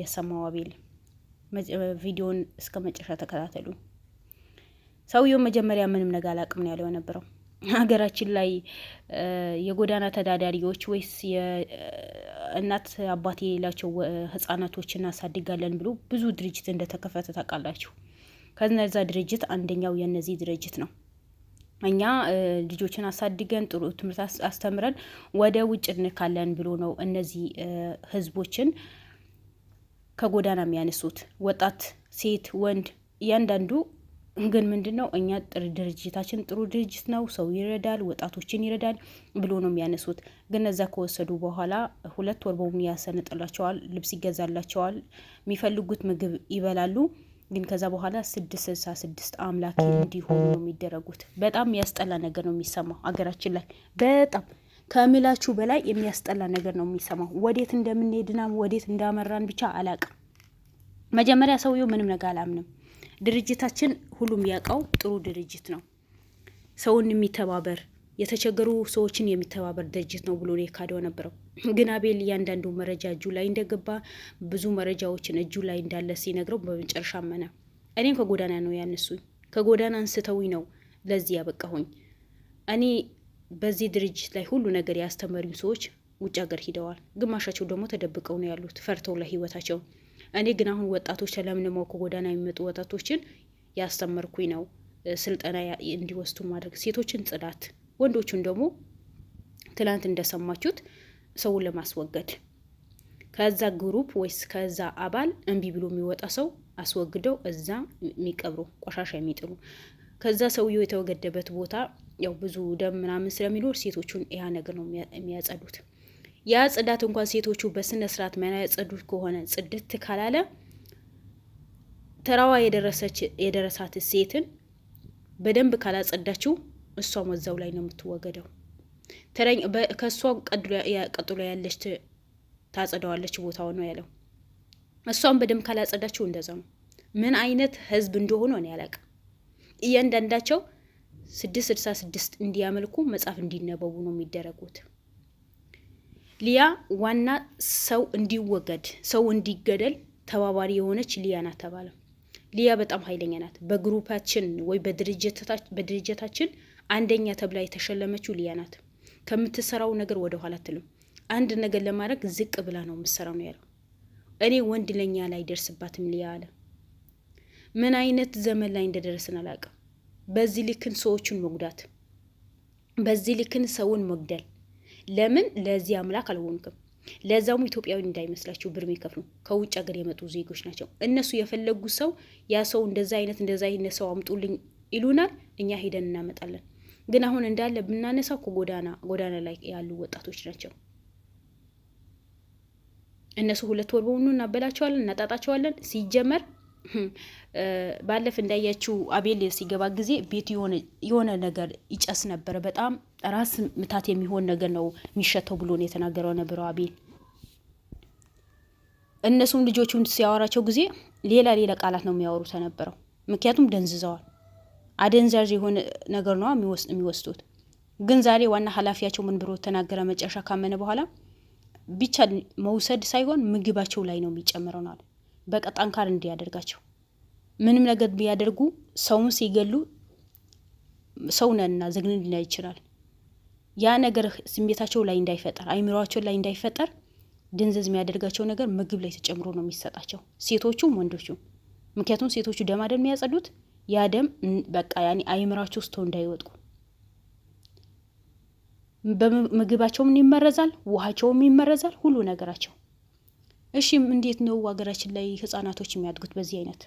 የሰማው አቤል። ቪዲዮን እስከ መጨረሻ ተከታተሉ። ሰውየው መጀመሪያ ምንም ነገር አላቅም ነው ያለው የነበረው። ሀገራችን ላይ የጎዳና ተዳዳሪዎች ወይስ እናት አባት የሌላቸው ህጻናቶች እናሳድጋለን ብሎ ብዙ ድርጅት እንደተከፈተ ታውቃላችሁ። ከነዛ ድርጅት አንደኛው የነዚህ ድርጅት ነው። እኛ ልጆችን አሳድገን ጥሩ ትምህርት አስተምረን ወደ ውጭ እንካለን ብሎ ነው እነዚህ ህዝቦችን ከጎዳና የሚያነሱት ወጣት፣ ሴት፣ ወንድ እያንዳንዱ ግን ምንድን ነው እኛ ጥር ድርጅታችን ጥሩ ድርጅት ነው፣ ሰው ይረዳል፣ ወጣቶችን ይረዳል ብሎ ነው የሚያነሱት። ግን እዛ ከወሰዱ በኋላ ሁለት ወር በሙሉ ያሰንጥላቸዋል፣ ልብስ ይገዛላቸዋል፣ የሚፈልጉት ምግብ ይበላሉ። ግን ከዛ በኋላ ስድስት ስልሳ ስድስት አምላኬ እንዲሆኑ ነው የሚደረጉት። በጣም ያስጠላ ነገር ነው የሚሰማው አገራችን ላይ በጣም ከምላችሁ በላይ የሚያስጠላ ነገር ነው የሚሰማው። ወዴት እንደምንሄድና ወዴት እንዳመራን ብቻ አላቅም። መጀመሪያ ሰውየው ምንም ነገር አላምንም። ድርጅታችን ሁሉም ያውቀው ጥሩ ድርጅት ነው፣ ሰውን የሚተባበር የተቸገሩ ሰዎችን የሚተባበር ድርጅት ነው ብሎ ካደው ነበረው። ግን አቤል እያንዳንዱ መረጃ እጁ ላይ እንደገባ ብዙ መረጃዎችን እጁ ላይ እንዳለ ሲነግረው በመጨረሻ መነ እኔም ከጎዳና ነው ያነሱኝ፣ ከጎዳና አንስተውኝ ነው ለዚህ ያበቃሁኝ እኔ በዚህ ድርጅት ላይ ሁሉ ነገር ያስተማሪው ሰዎች ውጭ ሀገር ሂደዋል። ግማሻቸው ደግሞ ተደብቀው ነው ያሉት ፈርተው ለህይወታቸው። እኔ ግን አሁን ወጣቶች ተለምልመው ከጎዳና የሚመጡ ወጣቶችን ያስተመርኩኝ ነው ስልጠና እንዲወስዱ ማድረግ፣ ሴቶችን ጽዳት፣ ወንዶቹን ደግሞ ትላንት እንደሰማችሁት ሰውን ለማስወገድ ከዛ ግሩፕ ወይስ ከዛ አባል እምቢ ብሎ የሚወጣ ሰው አስወግደው እዛ የሚቀብሩ ቆሻሻ የሚጥሉ ከዛ ሰውየው የተወገደበት ቦታ ያው ብዙ ደም ምናምን ስለሚኖር ሴቶቹን ያ ነገር ነው የሚያጸዱት። ያ ጽዳት እንኳን ሴቶቹ በስነ ስርዓት የሚያጸዱት ከሆነ ጽድት ካላለ ተራዋ የደረሰች የደረሳት ሴትን በደንብ ካላጸዳችው እሷ ወዛው ላይ ነው የምትወገደው። ከእሷ ቀጥሎ ያለች ታጸደዋለች ቦታው ነው ያለው። እሷም በደንብ ካላጸዳችው እንደዛ ነው። ምን አይነት ህዝብ እንደሆነ እኔ አላውቅም። እያንዳንዳቸው ስድስት ስድሳ ስድስት እንዲያመልኩ መጽሐፍ እንዲነበቡ ነው የሚደረጉት። ሊያ ዋና ሰው እንዲወገድ ሰው እንዲገደል ተባባሪ የሆነች ሊያ ናት ተባለ። ሊያ በጣም ኃይለኛ ናት። በግሩፓችን ወይ በድርጅታችን አንደኛ ተብላ የተሸለመችው ሊያ ናት። ከምትሰራው ነገር ወደ ኋላ አትልም። አንድ ነገር ለማድረግ ዝቅ ብላ ነው የምትሰራው ነው ያለው። እኔ ወንድ ለኛ ላይ ደርስባትም ሊያ አለ። ምን አይነት ዘመን ላይ እንደደረስን አላውቅም። በዚህ ልክን ሰዎችን መጉዳት፣ በዚህ ልክን ሰውን መግደል ለምን ለዚህ አምላክ አልሆንክም? ለዛውም ኢትዮጵያዊ እንዳይመስላቸው ብር የሚከፍሉ ከውጭ ሀገር የመጡ ዜጎች ናቸው። እነሱ የፈለጉ ሰው ያ ሰው እንደዛ አይነት እንደዛ አይነት ሰው አምጡልኝ ይሉናል። እኛ ሄደን እናመጣለን። ግን አሁን እንዳለ ብናነሳው ከጎዳና ጎዳና ላይ ያሉ ወጣቶች ናቸው። እነሱ ሁለት ወር በሆኑ እናበላቸዋለን፣ እናጣጣቸዋለን ሲጀመር ባለፍ እንዳያችው አቤል ሲገባ ጊዜ ቤቱ የሆነ ነገር ይጨስ ነበረ። በጣም ራስ ምታት የሚሆን ነገር ነው የሚሸተው ብሎ ነው የተናገረው ነበረው አቤል። እነሱም ልጆቹን ሲያወራቸው ጊዜ ሌላ ሌላ ቃላት ነው የሚያወሩ ተነበረው። ምክንያቱም ደንዝዘዋል። አደንዛዥ የሆነ ነገር ነው የሚወስዱት። ግን ዛሬ ዋና ኃላፊያቸው ምን ብሎ ተናገረ? መጨረሻ ካመነ በኋላ ብቻ መውሰድ ሳይሆን ምግባቸው ላይ ነው የሚጨምረው ነው በቃ ጠንካራ እንዲያደርጋቸው ምንም ነገር ቢያደርጉ ሰውን ሲገሉ ነንና ዝግን ሊና ይችላል። ያ ነገር ስሜታቸው ላይ እንዳይፈጠር አይምሯቸው ላይ እንዳይፈጠር ድንዘዝ የሚያደርጋቸው ነገር ምግብ ላይ ተጨምሮ ነው የሚሰጣቸው ሴቶቹም ወንዶቹም። ምክንያቱም ሴቶቹ ደም የሚያጸዱት ያ ደም በቃ ያኔ አይምራቸው ውስጥ እንዳይወጥቁ በምግባቸውም ይመረዛል፣ ውሃቸውም ይመረዛል፣ ሁሉ ነገራቸው እሺም እንዴት ነው ሀገራችን ላይ ህጻናቶች የሚያድጉት? በዚህ አይነት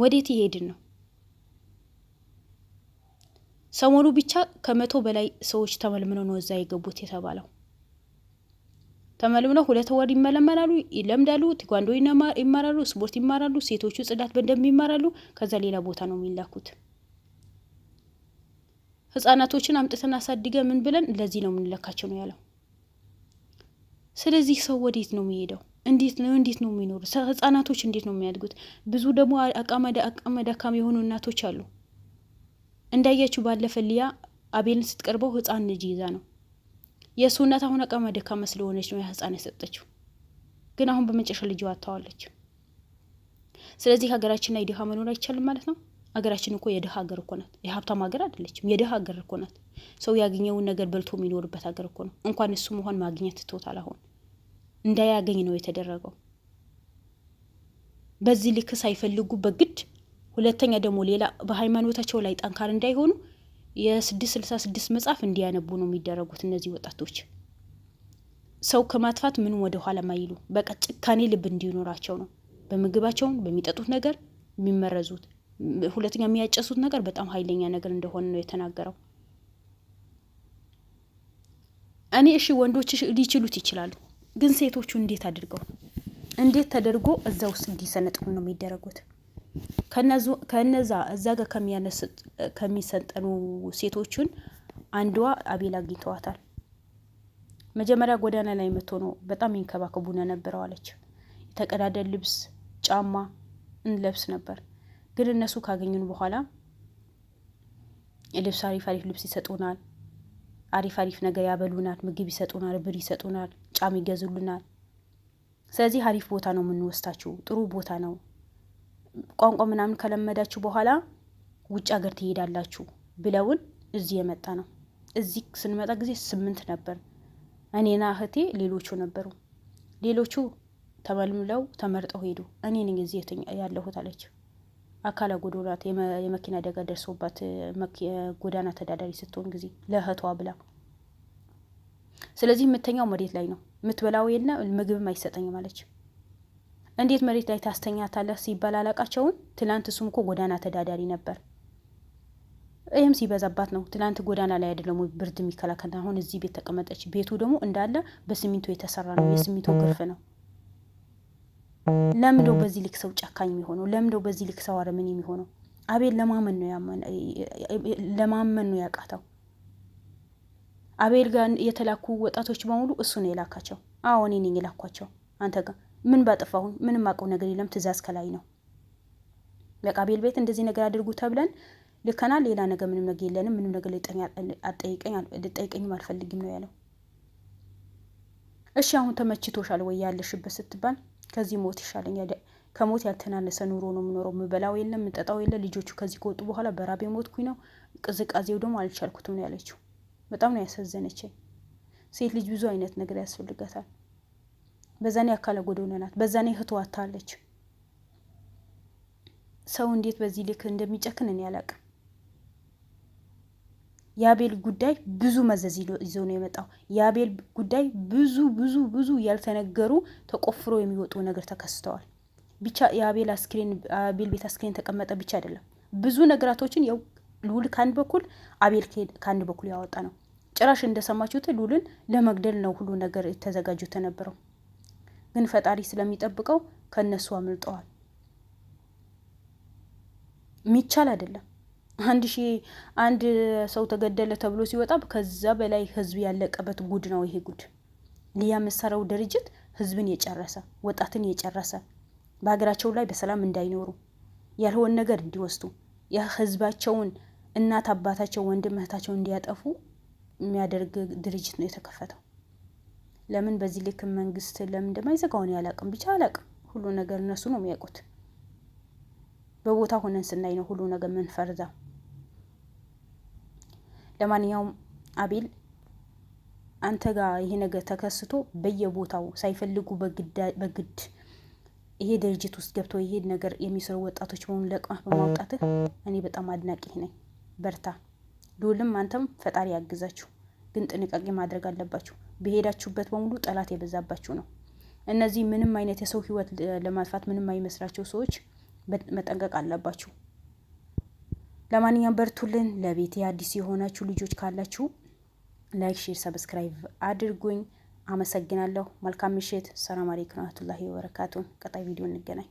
ወዴት ይሄድን ነው? ሰሞኑ ብቻ ከመቶ በላይ ሰዎች ተመልምነው ነው እዛ የገቡት የተባለው። ተመልምነው ሁለት ወር ይመለመላሉ፣ ይለምዳሉ፣ ቲጓንዶ ይማራሉ፣ ስፖርት ይማራሉ፣ ሴቶቹ ጽዳት በደንብ ይማራሉ። ከዛ ሌላ ቦታ ነው የሚላኩት። ህጻናቶችን አምጥተን አሳድገ ምን ብለን ለዚህ ነው የምንለካቸው ነው ያለው። ስለዚህ ሰው ወዴት ነው የሚሄደው? እንዴት ነው እንዴት ነው የሚኖሩ? ህጻናቶች እንዴት ነው የሚያድጉት? ብዙ ደግሞ አቅመ ደካማ የሆኑ እናቶች አሉ። እንዳያችሁ ባለፈ ሊያ አቤልን ስትቀርበው ህፃን ልጅ ይዛ ነው። የእሱ እናት አሁን አቅመ ደካማ ስለሆነች ነው ያ ህፃን የሰጠችው። ግን አሁን በመጨረሻ ልጅ አታዋለች። ስለዚህ ሀገራችን ላይ ድሃ መኖር አይቻልም ማለት ነው። ሀገራችን እኮ የድሃ ሀገር እኮ ናት፣ የሀብታም ሀገር አይደለችም። የድሃ ሀገር እኮ ናት። ሰው ያገኘውን ነገር በልቶ የሚኖርበት ሀገር እኮ ነው። እንኳን እሱ መሆን ማግኘት ትቶታል አሁን እንዳያገኝ ነው የተደረገው። በዚህ ልክ ሳይፈልጉ በግድ ሁለተኛ ደግሞ ሌላ በሃይማኖታቸው ላይ ጠንካር እንዳይሆኑ የስድስት ስልሳ ስድስት መጽሐፍ እንዲያነቡ ነው የሚደረጉት እነዚህ ወጣቶች። ሰው ከማጥፋት ምንም ወደ ኋላ ማይሉ በቃ ጭካኔ ልብ እንዲኖራቸው ነው። በምግባቸውን በሚጠጡት ነገር የሚመረዙት ሁለተኛ የሚያጨሱት ነገር በጣም ኃይለኛ ነገር እንደሆነ ነው የተናገረው። እኔ እሺ ወንዶች ሊችሉት ይችላሉ። ግን ሴቶቹ እንዴት አድርገው እንዴት ተደርጎ እዛ ውስጥ እንዲሰነጥቁ ነው የሚደረጉት? ከነዛ እዛ ጋር ከሚሰንጠኑ ሴቶቹን አንዷ አቤል አግኝተዋታል። መጀመሪያ ጎዳና ላይ መቶ ነው በጣም ይንከባከቡ ነበረው አለች። የተቀዳደ ልብስ ጫማ እንለብስ ነበር፣ ግን እነሱ ካገኙን በኋላ ልብስ አሪፍ አሪፍ ልብስ ይሰጡናል አሪፍ አሪፍ ነገር ያበሉናል፣ ምግብ ይሰጡናል፣ ብር ይሰጡናል፣ ጫም ይገዙልናል። ስለዚህ አሪፍ ቦታ ነው የምንወስዳችሁ፣ ጥሩ ቦታ ነው። ቋንቋ ምናምን ከለመዳችሁ በኋላ ውጭ ሀገር ትሄዳላችሁ ብለውን እዚህ የመጣ ነው። እዚህ ስንመጣ ጊዜ ስምንት ነበር፣ እኔና እህቴ ሌሎቹ ነበሩ። ሌሎቹ ተመልምለው ተመርጠው ሄዱ። እኔ ነኝ እዚህ ያለሁት አለችው። አካለ ጎዶናት የመኪና አደጋ ደርሶባት ጎዳና ተዳዳሪ ስትሆን ጊዜ ለእህቷ ብላ ስለዚህ የምተኛው መሬት ላይ ነው የምትበላው የለ ምግብም አይሰጠኝም ማለች እንዴት መሬት ላይ ታስተኛታለህ ሲባል አላቃቸውን ትላንት እሱም እኮ ጎዳና ተዳዳሪ ነበር። ይህም ሲበዛባት ነው ትላንት ጎዳና ላይ አይደለም ብርድ የሚከላከል አሁን እዚህ ቤት ተቀመጠች። ቤቱ ደግሞ እንዳለ በሲሚንቶ የተሰራ ነው። የሲሚንቶ ግርፍ ነው። ለምዶ በዚህ ልክ ሰው ጨካኝ የሚሆነው? ለምዶ በዚህ ልክ ሰው አረመኔ የሚሆነው? አቤል ለማመን ነው ለማመን ነው ያቃተው። አቤል ጋር የተላኩ ወጣቶች በሙሉ እሱ ነው የላካቸው። አዎ እኔ ነኝ የላኳቸው። አንተ ጋር ምን ባጠፋሁኝ? ምንም አውቀው ነገር የለም። ትእዛዝ ከላይ ነው። በቃ አቤል ቤት እንደዚህ ነገር አድርጉ ተብለን ልከናል። ሌላ ነገር ምንም ነገር የለንም። ምንም ነገር ልጠይቀኝም አልፈልግም ነው ያለው። እሺ አሁን ተመችቶሻል ወይ ያለሽበት ስትባል ከዚህ ሞት ይሻለኛል። ከሞት ያልተናነሰ ኑሮ ነው የምኖረው። ምበላው የለም ምጠጣው የለ። ልጆቹ ከዚህ ከወጡ በኋላ በራቤ ሞትኩኝ ነው። ቅዝቃዜው ደግሞ አልቻልኩትም ነው ያለችው። በጣም ነው ያሳዘነችኝ። ሴት ልጅ ብዙ አይነት ነገር ያስፈልጋታል። በዛኔ አካለ ጎደሎ ናት። በዛኔ ህትዋታለች። ሰው እንዴት በዚህ ልክ እንደሚጨክን እኔ አላውቅም። የአቤል ጉዳይ ብዙ መዘዝ ይዞ ነው የመጣው። የአቤል ጉዳይ ብዙ ብዙ ብዙ ያልተነገሩ ተቆፍሮ የሚወጡ ነገር ተከስተዋል። ብቻ የአቤል አስክሬን አቤል ቤት አስክሬን ተቀመጠ ብቻ አይደለም። ብዙ ነገራቶችን ያው ልዑል ከአንድ በኩል አቤል ከአንድ በኩል ያወጣ ነው። ጭራሽ እንደሰማችሁት ሉልን ለመግደል ነው ሁሉ ነገር የተዘጋጁት የነበረው። ግን ፈጣሪ ስለሚጠብቀው ከእነሱ አምልጠዋል። ሚቻል አይደለም። አንድ ሺ አንድ ሰው ተገደለ ተብሎ ሲወጣ ከዛ በላይ ህዝብ ያለቀበት ጉድ ነው ይሄ ጉድ። ሊያ መሰረው ድርጅት ህዝብን የጨረሰ ወጣትን የጨረሰ በሀገራቸው ላይ በሰላም እንዳይኖሩ ያልሆን ነገር እንዲወስዱ የህዝባቸውን እናት አባታቸው ወንድም እህታቸውን እንዲያጠፉ የሚያደርግ ድርጅት ነው የተከፈተው። ለምን በዚህ ልክ መንግስት ለምን እንደማይዘጋውን ያላቅም ብቻ አላቅም። ሁሉ ነገር እነሱ ነው የሚያውቁት። በቦታ ሆነን ስናይ ነው ሁሉ ነገር ምንፈርዛ ለማንኛውም አቤል አንተ ጋር ይሄ ነገር ተከስቶ በየቦታው ሳይፈልጉ በግድ ይሄ ድርጅት ውስጥ ገብተው ይሄ ነገር የሚሰሩ ወጣቶች በሆኑ ለቅማ በማውጣትህ እኔ በጣም አድናቂ ነኝ። በርታ። ልዑልም አንተም ፈጣሪ ያግዛችሁ። ግን ጥንቃቄ ማድረግ አለባችሁ። በሄዳችሁበት በሙሉ ጠላት የበዛባችሁ ነው። እነዚህ ምንም አይነት የሰው ህይወት ለማጥፋት ምንም አይመስላቸው ሰዎች መጠንቀቅ አለባችሁ። ለማንኛውም በርቱልን። ለቤቴ አዲስ የሆናችሁ ልጆች ካላችሁ ላይክ፣ ሼር፣ ሰብስክራይብ አድርጉኝ። አመሰግናለሁ። መልካም ምሽት። ሰላም አለይኩም ወረህመቱላሂ ወበረካቱ። ቀጣይ ቪዲዮ እንገናኝ።